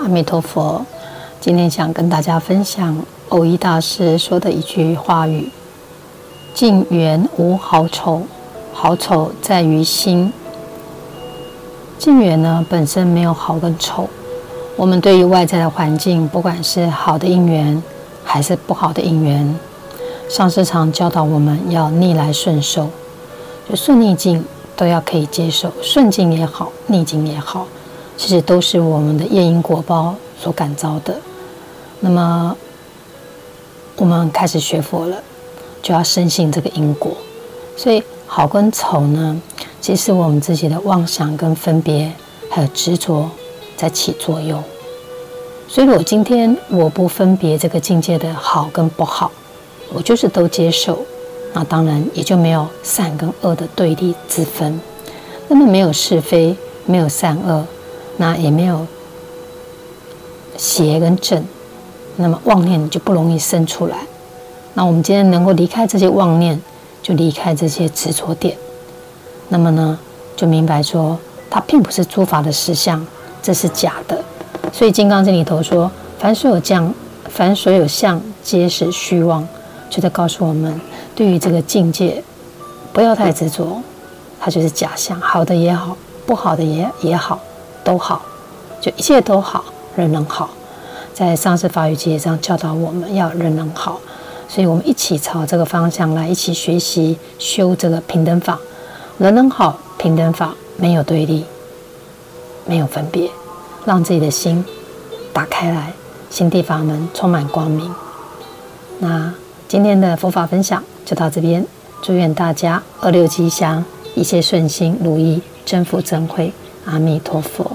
阿彌陀佛，今天想跟大家分享蕅益大師說的一句話語：“境緣無好醜，好醜在於心。”境緣呢本身沒有好跟醜，我們對於外在的環境，不管是好的因緣還是不好的因緣，上師常教導我們要逆來順受，就順逆境都要可以接受，順境也好，逆境也好。其實都是我們的業因果報所感召的。那麼，我們開始學佛了，就要深信這個因果。所以，好跟醜呢，其實我們自己的妄想跟分別，還有執着，在起作用。所以我今天我不分別這個境界的好跟不好，我就是都接受。那當然也就沒有善跟惡的對立之分。那麼，沒有是非，沒有善惡。那也沒有邪跟正，那麼妄念就不容易生出來。那我們今天能夠離開這些妄念，就離開這些執着點。那麼呢，就明白說，它並不是諸法的實相，這是假的。所以《金剛經》裡頭說：“凡所有將，凡所有相皆是虛妄。”就在告訴我們，對於這個境界，不要太執着，它就是假象，好的也好，不好的也也好。都好，就一切都好，人人好。在上師法語集上教導我們要人人好，所以我們一起朝這個方向來，一起學習修這個平等法，人人好，平等法沒有對立，沒有分別，讓自己的心打開來，心地法門充滿光明。那今天的佛法分享就到這邊，祝願大家二六吉祥，一切順心如意，增福增慧，阿彌陀佛。